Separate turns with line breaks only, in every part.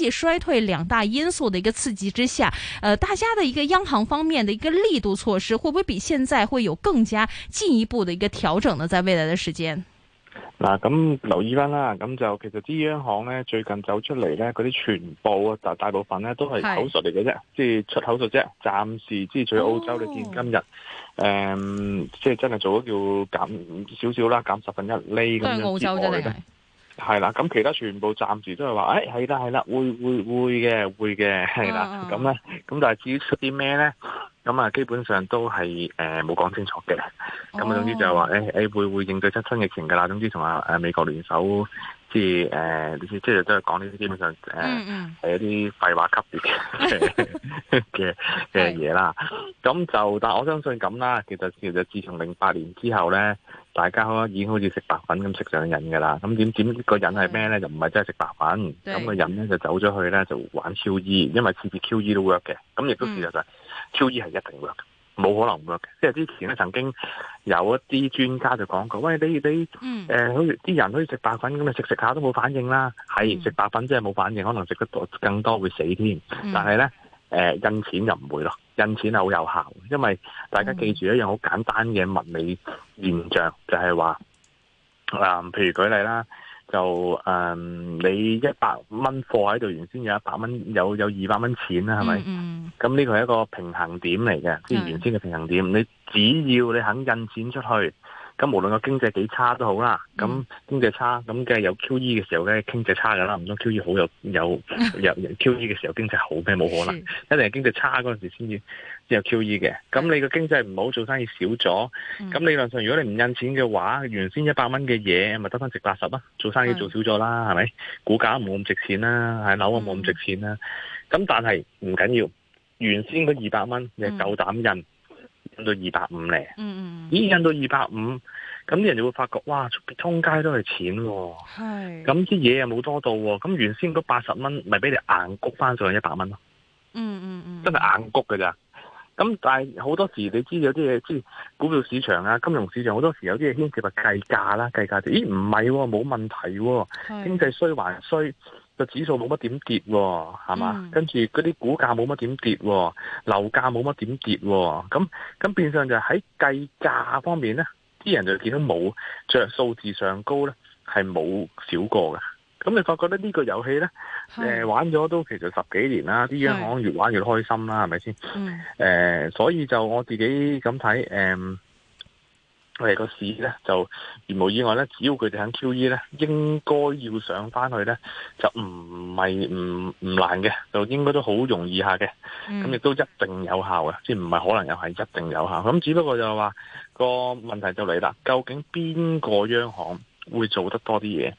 。經濟衰退兩大因素的一個刺激之下，呃，大家的一個央行方面的一個力度措施，會不會比現在會有更加進一步的一個調整呢？在未來的時間？嗱，
咁留意翻啦，咁就其實啲央行呢，最近走出嚟呢嗰啲全部大大部分呢都係口述嚟嘅啫，即係、就是、出口述啫，暫時即之、就是、在澳洲嘅見今日，誒、oh. 嗯，即係真係做咗叫減少少啦，減十分一厘咁樣，澳洲啫，係？係啦，咁其他全部暫時都係話，誒係啦係啦，會會會嘅，會嘅，係啦，咁咧，咁但係至於出啲咩咧，咁啊基本上都係誒冇講清楚嘅，咁啊總之就係話，誒誒會會應對出新疫情㗎啦，總之同啊誒美國聯手，即係誒，總之即係都係講呢啲基本上誒係一啲廢話級別嘅嘅嘅嘢啦，咁就但我相信咁啦，其實其實自從零八年之後咧。大家好啊，已經好似食白粉咁食上癮噶啦，咁點點個癮係咩咧？就唔係真係食白粉，咁個人咧就走咗去咧，就玩 QE，因為次次 QE 都 work 嘅，咁亦都事實就係、嗯、QE 係一定 work，冇可能唔 work 嘅。即係之前咧曾經有一啲專家就講過，喂，你你誒好似啲人可以食白粉咁，你食食下都冇反應啦，係食白粉真係冇反應，可能食得多更多會死添。但係咧誒印錢就唔會咯。印錢係好有效，因為大家記住一樣好簡單嘅物理現象，嗯、就係、是、話，啊，譬如舉例啦，就誒、嗯，你一百蚊貨喺度，原先有一百蚊，有有二百蚊錢啦，係咪？咁、嗯、呢、嗯、個係一個平衡點嚟嘅，即、就、係、是、原先嘅平衡點。你只要你肯印錢出去。咁無論個經濟幾差都好啦，咁經濟差咁梗係有 QE 嘅時候咧，經濟差㗎啦，唔通 QE 好有有有，有 QE 嘅時候經濟好咩？冇可能， 一定係經濟差嗰陣時先至有 QE 嘅。咁你個經濟唔好，做生意少咗，咁理論上如果你唔印錢嘅話，原先一百蚊嘅嘢咪得翻值八十啊？做生意做少咗啦，係 咪？股價冇咁值錢啦，係樓啊冇咁值錢啦。咁但係唔緊要，原先嗰二百蚊你係夠膽印， 到二百五咧，咦？印到二百五，咁啲人就會發覺，哇！通街都係錢，係咁，啲嘢又冇多到，咁原先嗰八十蚊咪俾你硬谷翻上去一百蚊咯，嗯嗯嗯，真係硬谷㗎咋？咁但係好多時，你知有啲嘢，即係股票市場啊、金融市場，好多時有啲嘢牽涉埋計價啦、計價就咦？唔係喎，冇問題喎，經濟衰還衰。個指數冇乜點跌，係嘛？嗯、跟住嗰啲股價冇乜點跌，樓價冇乜點跌，咁咁變相就喺計價方面咧，啲人就見到冇，雖然數字上高咧，係冇少過嘅。咁你發覺咧呢個遊戲咧，誒、呃、玩咗都其實十幾年啦，啲央行越玩越開心啦，係咪先？誒、嗯呃，所以就我自己咁睇，誒、呃。佢哋個市咧就如無意外咧，只要佢哋喺 QE 咧，應該要上返去咧，就唔係唔唔難嘅，就應該都好容易下嘅。咁亦都一定有效嘅，即係唔係可能又係一定有效。咁只不過就係話個問題就嚟啦，究竟邊個央行會做得多啲嘢，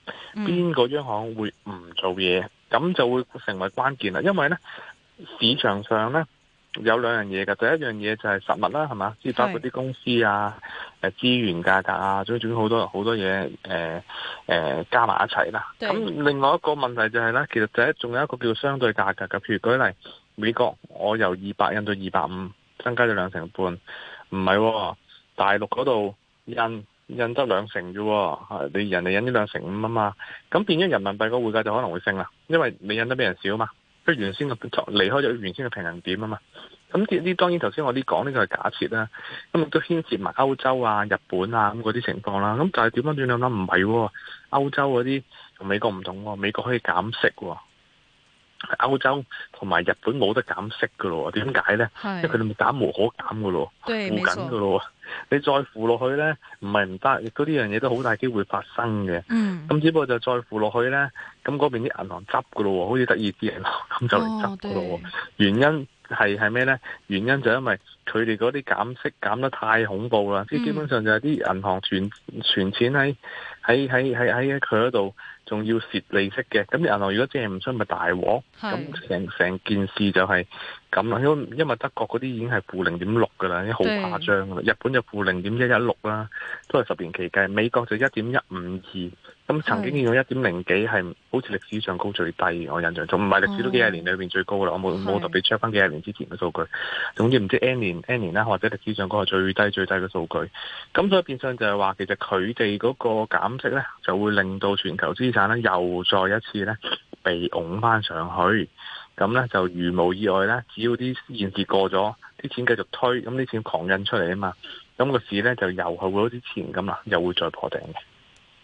邊個央行會唔做嘢，咁就會成為關鍵啦。因為咧市場上咧有兩樣嘢嘅，第一樣嘢就係實物啦，係嘛，即係包括啲公司啊。誒，資源價格啊，所以總之好多好多嘢，誒、呃、誒、呃、加埋一齊啦。咁另外一個問題就係咧，其實就係仲有一個叫相對價格嘅，譬如舉例，美國我由二百印到二百五，增加咗兩成半，唔係、哦、大陸嗰度印印得兩成啫，你人哋印咗兩成五啊嘛。咁變咗人民幣個匯價就可能會升啦，因為你印得比人少嘛，佢原先嘅離開咗原先嘅平衡點啊嘛。咁呢啲當然頭先我啲講呢個係假設啦，咁亦都牽涉埋歐洲啊、日本啊咁嗰啲情況啦。咁就係點樣轉兩諗唔係喎？歐洲嗰啲同美國唔同喎，美國可以減息喎。歐洲同埋日本冇得減息噶咯？點解咧？因為佢哋冇減無可減噶咯，
負緊噶
咯。你再負落去咧，唔係唔得，嗰啲樣嘢都好大機會發生嘅。咁、嗯、只不過就再負落去咧，咁嗰邊啲銀行執噶咯，好似得意啲之靈咁就嚟執噶咯。哦。原因。係係咩咧？原因就因為佢哋嗰啲減息減得太恐怖啦，即係、嗯、基本上就係啲銀行存存錢喺喺喺喺喺佢嗰度，仲要蝕利息嘅。咁啲銀行如果借唔出，咪大鑊。咁成成件事就係咁啦。因為因為德國嗰啲已經係負零點六噶啦，已經好誇張噶啦。日本就負零點一一六啦，都係十年期計。美國就一點一五二。咁曾經見過一點零幾係好似歷史上高最低，我印象中唔係歷史都幾廿年裏面最高啦、嗯。我冇冇特別 check 翻幾廿年之前嘅數據，總之唔知 n 年 n 年啦，或者歷史上高係最低最低嘅數據。咁所以變相就係話，其實佢哋嗰個減息咧，就會令到全球資產咧又再一次咧被拱翻上去。咁咧就如無意外啦，只要啲現時過咗，啲錢繼續推，咁啲錢狂印出嚟啊嘛，咁、那個市咧就又係會好似前咁啦，又會再破頂嘅。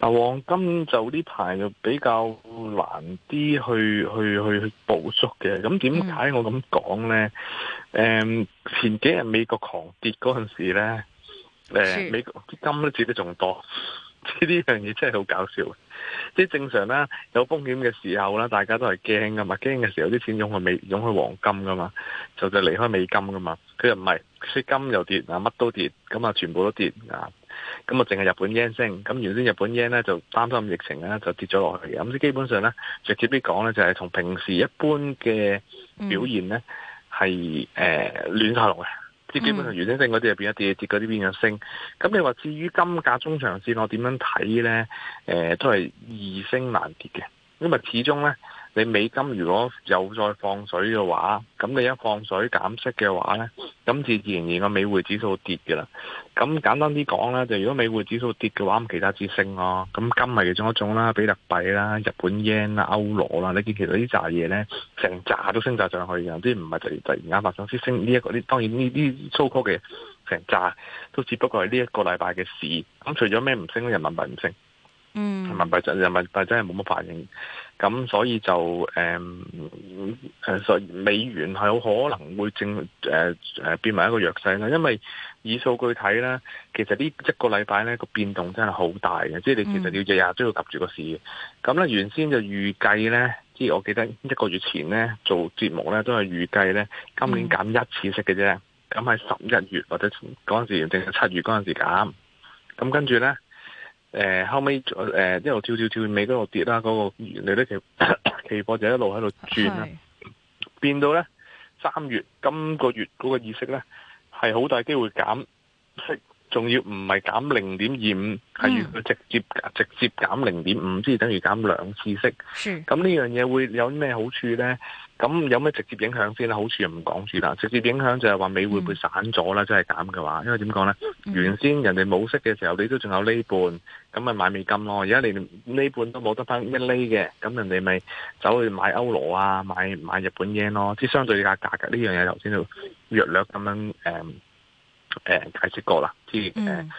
啊，黃金就呢排就比較難啲去去去捕捉嘅。咁點解我咁講咧？誒，前幾日美國狂跌嗰陣時咧，
誒，美
國金都跌得仲多。呢樣嘢真係好搞笑。即係正常啦，有風險嘅時候啦，大家都係驚噶嘛，驚嘅時候啲錢湧去美，湧去黃金噶嘛，就就離開美金噶嘛。佢又唔係，佢金又跌啊，乜都跌，咁啊，全部都跌啊。咁啊，淨係日本 yen 升，咁原先日本 yen 咧就擔心疫情咧就跌咗落去嘅，咁即基本上咧，直接啲講咧就係、是、同平時一般嘅表現咧係誒亂晒落嘅，即、嗯呃、基本上原先升嗰啲變一跌，跌嗰啲變咗升。咁你話至於金價中長線我看呢，我點樣睇咧？誒，都係易升難跌嘅，因為始終咧。你美金如果有再放水嘅話，咁你一放水減息嘅話咧，咁自然而然個美匯指數跌嘅啦。咁簡單啲講啦，就如果美匯指數跌嘅話，咁其他隻升咯，啊。咁金係其中一種啦，比特幣啦、日本 yen 啦、歐羅啦，你見其實呢紮嘢咧，成炸都升炸上去嘅。啲唔係突然間發生，總之升呢，這、一個，當然呢啲 so call 嘅成炸都只不過係呢一個禮拜嘅事。咁除咗咩唔升呢？人民幣唔升，嗯，人民幣真人民幣真係冇乜反應。咁所以就誒，嗯、美元係有可能會正誒誒、呃、變成一個弱勢啦，因為以數據睇咧，其實呢一個禮拜咧，個變動真係好大嘅，嗯，即係你其實你要日日都要及住個市咁咧，原先就預計咧，即係我記得一個月前咧做節目咧都係預計咧，今年減一次息嘅啫。咁喺十一月或者嗰陣時，定係七月嗰陣時減。咁跟住咧。誒，後尾誒一路跳跳跳尾嗰度跌啦，嗰、嗰個原來咧期期貨就一路喺度轉啦，變到咧三月今、今個月嗰個利息咧係好大機會減息。仲要唔係減零點二五，係要佢直接直接減零點五，即係等於減兩次息。咁呢樣嘢會有咩好處咧？咁有咩直接影響先啦？好處又唔講住啦，直接影響就係話美匯會散咗啦，即係減嘅話，因為點講咧？原先人哋冇息嘅時候，你都仲有呢半，咁咪買美金咯。而家你呢半都冇得翻一厘嘅，咁人哋咪走去買歐羅啊，買買日本 yen 咯，即係相對價價格呢樣嘢頭先就約略咁樣誒。誒解釋過啦，即係誒誒，即係、嗯、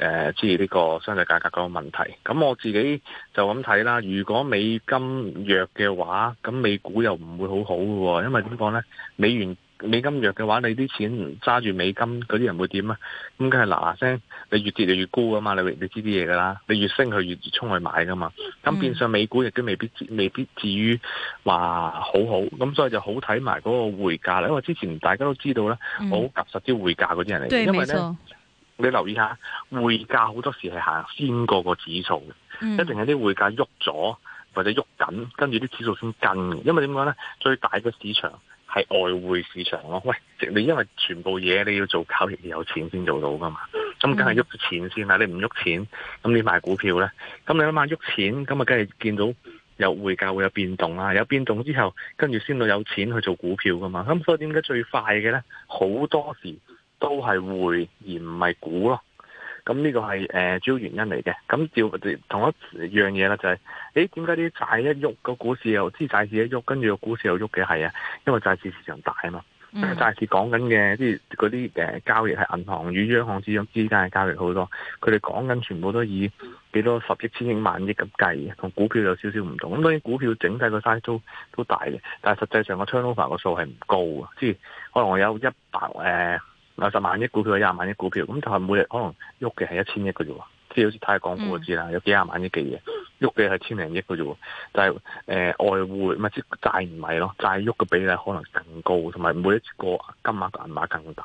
呃、呢個相對價格嗰個問題。咁我自己就咁睇啦。如果美金弱嘅話，咁美股又唔會好好嘅喎。因為點講咧？美元美金弱嘅話，你啲錢揸住美金嗰啲人會點啊？咁梗係嗱嗱聲，你越跌就越沽啊嘛！你你知啲嘢噶啦，你越升佢越衝去買噶嘛。咁變相美股亦都未必未必至於話好好。咁所以就好睇埋嗰個匯價啦。因為之前大家都知道咧、嗯，我好夾實啲匯價嗰啲人嚟，因為咧你留意下匯價好多時係行先過個指數嘅、嗯，一定係啲匯價喐咗或者喐緊，跟住啲指數先跟。因為點講咧？最大嘅市場。係外匯市場咯，喂！你因為全部嘢，你要做交易，搞你有錢先做到噶嘛，咁梗係喐錢先啦。你唔喐錢，咁你賣股票咧，咁你諗下喐錢，咁啊梗係見到有匯價會有變動啦，有變動之後，跟住先到有錢去做股票噶嘛。咁所以點解最快嘅咧，好多時都係匯而唔係股咯。咁呢個係誒主要原因嚟嘅。咁照同一樣嘢啦，就係誒點解啲債一喐個股市又知債市一喐，跟住個股市又喐嘅係啊，因為債市市場大啊嘛。Mm-hmm. 債市講緊嘅即係嗰啲誒交易係銀行與央行之間之間嘅交易好多，佢哋講緊全部都以幾多、mm-hmm. 十億、千億、萬億咁計嘅，同股票有少少唔同。咁當然股票整體個 size 都都大嘅，但係實際上個 turnover 個數係唔高啊，即係可能我有一百誒。呃有十萬億股票，有廿萬億股票，咁就係每日可能喐嘅係一千億嘅啫喎，即係好似太港股我知啦，有幾廿萬億嘅嘢，喐嘅係千零億嘅啫喎，就係、是呃、外匯咪即債唔係咯，債喐嘅比例可能更高，同埋每一個金額個銀碼更大。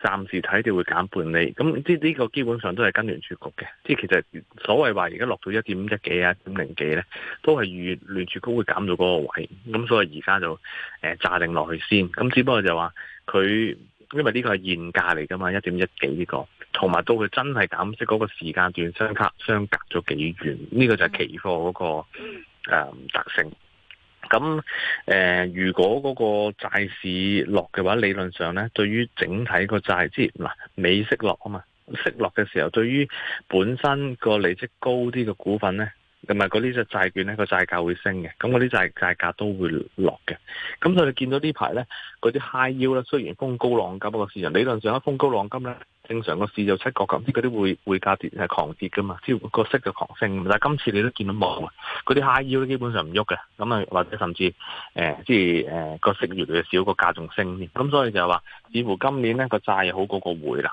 暫時睇住會減半厘。咁呢呢個基本上都係跟聯儲局嘅，即係其實所謂話而家落到一點一幾啊、一點零幾咧，都係預聯儲局會減到嗰個位，咁所以而家就誒揸定落去先，咁只不過就話佢因為呢個係現價嚟㗎嘛，一點一幾呢個，同埋到佢真係減息嗰個時間段相隔相隔咗幾遠，呢、呢個就係期貨嗰、嗰個、呃、特性。咁誒、呃，如果嗰個債市落嘅話，理論上咧，對於整體個債資嗱美息落啊嘛，息落嘅時候，對於本身個利息高啲嘅股份咧。同埋嗰啲隻債券咧，個債價會升嘅，咁嗰啲債債價都會落嘅。咁所以你見到呢排咧，嗰啲 high yield 咧，雖然風高浪急，不過市場理論上一風高浪急咧，正常個市就七國咁啲嗰啲匯匯價跌係狂跌噶嘛，即個息就狂升。但係今次你都見到冇啊，嗰啲 high yield 基本上唔喐嘅，咁啊或者甚至誒，即係誒個息越嚟越少，個價仲升添。咁所以就係話，似乎今年咧個債好過個匯啦。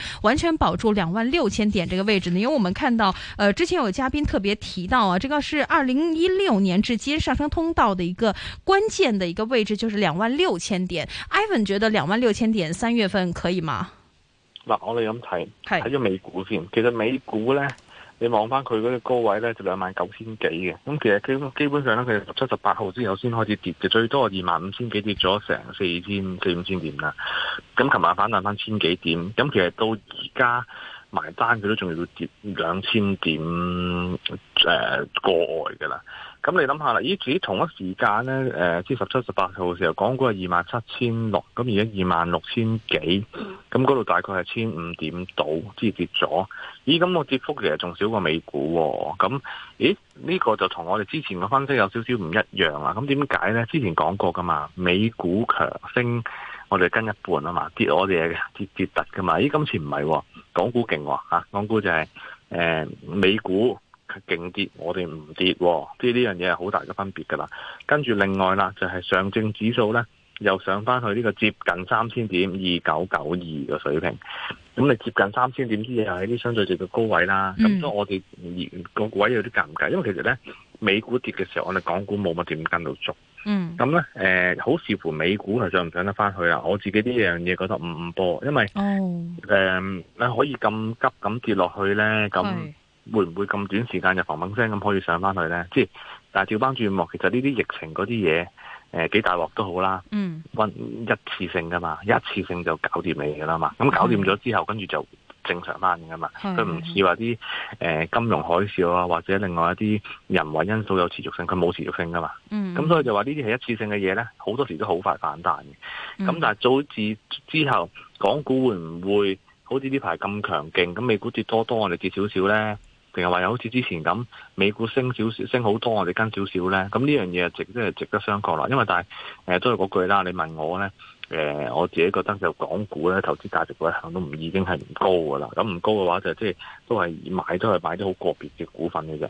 完全保住兩萬六千點這個位置呢？因為我們看到，呃，之前有嘉賓特別提到啊，這個是二零一六年至今上升通道的一個關鍵的一個位置，就是兩萬六千點。Ivan 覺得兩萬六千點三月份可以嗎？
嗱，我哋咁睇，睇咗美股先。其實美股呢你望翻佢嗰個高位咧，就兩萬九千幾嘅。咁其實基基本上咧，佢十七十八號之後先開始跌嘅，最多二萬五千幾，跌咗成四千四五千點啦。咁琴晚反彈翻千幾點，咁其實到而家埋單佢都仲要跌兩千點誒、呃、過外嘅啦。咁你諗下啦，咦？自己同一時間咧，即係十七、十八號嘅時候，港股係二萬七千六，咁而家二萬六千幾，咁嗰度大概係千五點到，即係跌咗。咦？咁我跌幅其實仲少過美股喎、啊。咁咦？呢、這個就同我哋之前嘅分析有少少唔一樣啦、啊。咁點解咧？之前講過㗎嘛，美股強升，我哋跟一半啊嘛，跌我哋係跌，跌跌突㗎嘛。咦？今次唔係喎，港股勁喎、啊、港股就係、是、誒、呃、美股。勁跌，我哋唔跌，即係呢樣嘢係好大嘅分別噶啦。跟住另外啦，就係上證指數咧，又上翻去呢個接近三千點二九九二嘅水平。咁你接近三千點啲嘢係喺啲相對性嘅高位啦。咁所以我哋個位有啲尷尬，因為其實咧，美股跌嘅時候，我哋港股冇乜點跟到足。嗯。咁咧，誒、呃，好視乎美股係上唔上得翻去啦。我自己呢樣嘢覺得唔唔波，因為誒，你、哦呃、可以咁急咁跌落去咧，咁。會唔會咁短時間就嘭嘭聲咁可以上翻去咧？即係，但係照班注目，其實呢啲疫情嗰啲嘢，誒、呃、幾大鑊都好啦。嗯，溫一次性噶嘛，一次性就搞掂你噶啦嘛。咁搞掂咗之後，跟住就正常翻噶嘛。佢唔似話啲誒金融海嘯啊，或者另外一啲人為因素有持續性，佢冇持續性噶嘛。咁、嗯、所以就話呢啲係一次性嘅嘢咧，好多時都好快反彈嘅。咁、嗯、但係早至之後，港股會唔會好似呢排咁強勁？咁美股跌多多，我哋跌少少咧？定係話又好似之前咁，美股升少少，升好多我哋跟少少咧，咁呢樣嘢值即係值得商榷啦。因為但係誒、呃，都係嗰句啦。你問我咧，誒、呃，我自己覺得就港股咧投資價值嗰一項都唔已經係唔高噶啦。咁唔高嘅話就即、是、係都係買都係買啲好個別嘅股份嘅啫。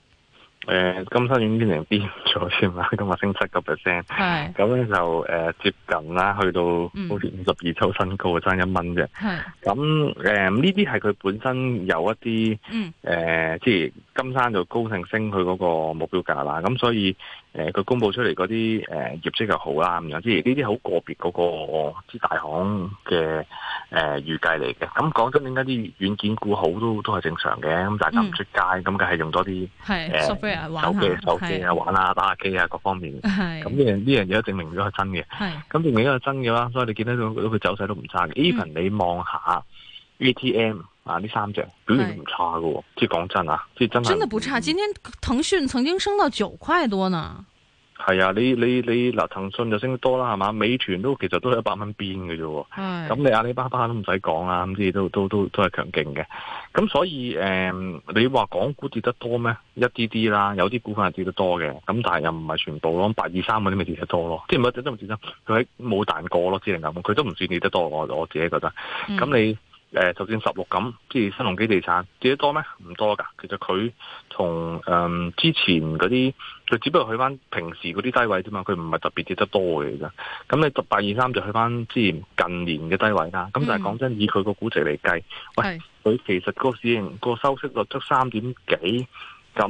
誒，金山軟件跌咗先啦，今日升七個 percent，咁咧就誒、呃、接近啦，去到好似五十二周新高啊，爭一蚊啫。咁誒，呢啲係佢本身有一啲誒，即係金山就高盛升佢嗰個目標價啦。咁所以誒，佢、呃、公布出嚟嗰啲誒業績又好啦，咁樣即係呢啲好個別嗰、嗰個之大行嘅誒預計嚟嘅。咁講真，點解啲軟件股好都都係正常嘅？咁大家唔出街，咁梗係用多啲。
係。呃手機、手機啊，玩啊，
打下機啊，各方面。咁呢樣呢樣嘢都證明咗係真嘅。咁證明咗係真嘅啦，所以你見得到佢走勢都唔差嘅。even、嗯、你望下 VTM 啊呢三隻表現唔差嘅，即係講真啊，即係真係。真的
不差，嗯、今天騰訊曾經升到九塊多呢。
係啊，你你你嗱，騰訊就升得多啦，係嘛？美團都其實都係一百蚊邊嘅啫，咁你阿里巴巴都唔使講啦，咁啲嘢都都都都係強勁嘅。咁所以誒、呃，你話港股跌得多咩？一啲啲啦，有啲股份係跌得多嘅，咁但係又唔係全部咯，八二三嗰啲咪跌得多咯，即係冇一隻都唔跌得，佢喺冇彈過咯，只能夠佢都唔算跌得多咯，我自己覺得。咁你。誒、呃，就算十六咁，即係新鴻基地產跌得多咩？唔多噶。其實佢同誒之前嗰啲，佢只不過去翻平時嗰啲低位啫嘛。佢唔係特別跌得多嘅嚟噶。咁你八二三就去翻之前近年嘅低位啦。咁但係講真，以佢個估值嚟計，喂，佢其實個市盈、個收息率得三點幾，咁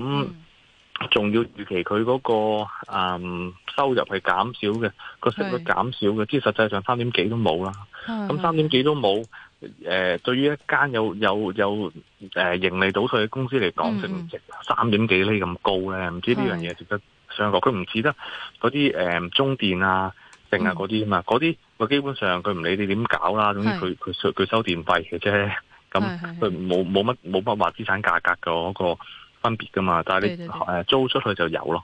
仲、嗯、要預期佢嗰、個、嗯、收入係減少嘅，個息率減少嘅，即係實際上三點幾都冇啦。咁三點幾都冇。誒、呃，對於一間有有有誒、呃、盈利倒退嘅公司嚟講，正值三點幾厘呢咁高咧，唔知呢樣嘢值得商榷。佢唔似得嗰啲誒中電啊定啊嗰啲啊嘛，嗰啲佢基本上佢唔理你點搞啦，總之佢佢佢收電費嘅啫。咁佢冇冇乜冇乜話資產價格、嗰個分別噶嘛？但係你對對對、呃、租出去就有咯。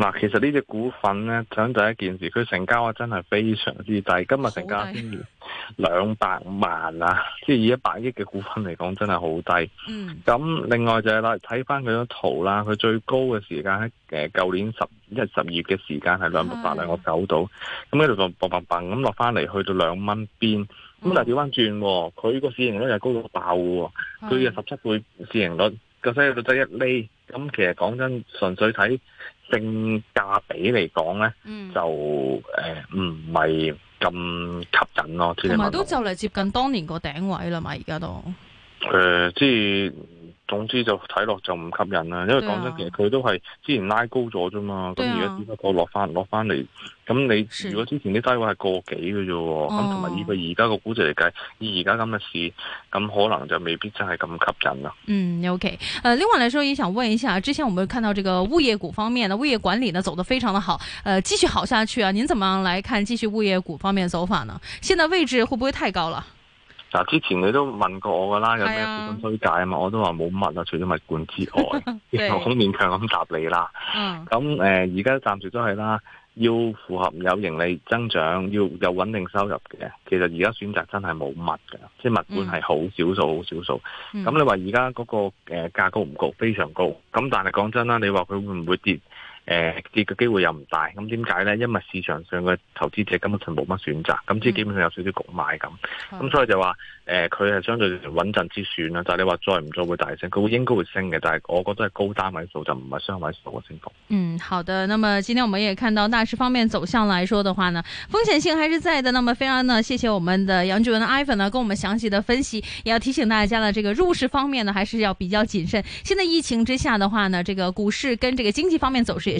嗱，其實呢隻股份咧，想就一件事，佢成交啊真係非常之低。今日成交先兩百萬啊，即係以一百億嘅股份嚟講，真係好低。嗯。咁另外就係啦，睇翻佢張圖啦，佢最高嘅時間喺誒舊年十一十二嘅時間係兩百八兩個九度，咁一度就嘭嘭嘭咁落翻嚟，去到兩蚊邊。咁但係掉翻轉，佢個市盈率又高到爆喎，佢嘅十七倍市盈率，咁所以佢得一厘。咁其實講真，純粹睇性價比嚟講咧，就唔係咁吸引咯，啊。同埋都
就嚟接近當年個頂位啦嘛，而家都、呃、
即係。總之就睇落就唔吸引啦，因為講真，其實佢都係之前拉高咗啫嘛，咁而家只不過落翻落翻嚟。咁你如果之前啲低位係個幾嘅啫，咁同埋以佢而家個估值嚟計，以而家咁嘅市，咁可能就未必真係咁吸引啦。
嗯，OK。呃，另外嚟說也想問一下，之前我們看到這個物業股方面，呢物業管理呢走得非常的好，呃繼續好下去啊？您怎麼樣來看繼續物業股方面走法呢？現在位置會不會太高了？
嗱，之前你都問過我噶啦，有咩基金推介啊嘛，我都話冇乜啊，除咗物管之外，然 好勉強咁答你啦。咁、嗯、誒，而家暫時都係啦，要符合有盈利增長，要有穩定收入嘅，其實而家選擇真係冇乜嘅、嗯，即係物管係好少數好少數。咁、嗯、你話而家嗰個誒價高唔高？非常高。咁但係講真啦，你話佢會唔會跌？誒、呃、佢、這、嘅、個、機會又唔大，咁點解呢？因為市場上嘅投資者根本上冇乜選擇，咁即係基本上有少少焗買咁，咁、嗯嗯、所以就話，誒、呃，佢係相對穩陣之選啦。但係你話再唔再會大升，佢應該會升嘅，但係我覺得係高單位數就唔係雙位數嘅升幅。
嗯，好的，那麼今天我們也看到大市方面走向來說的話呢，風險性還是在的。那麼非常呢，謝謝我們的楊俊文的 Ivan 呢，跟我們詳細的分析，也要提醒大家啦，這個入市方面呢，還是要比較謹慎。現在疫情之下的話呢，這個股市跟這個經濟方面走勢也。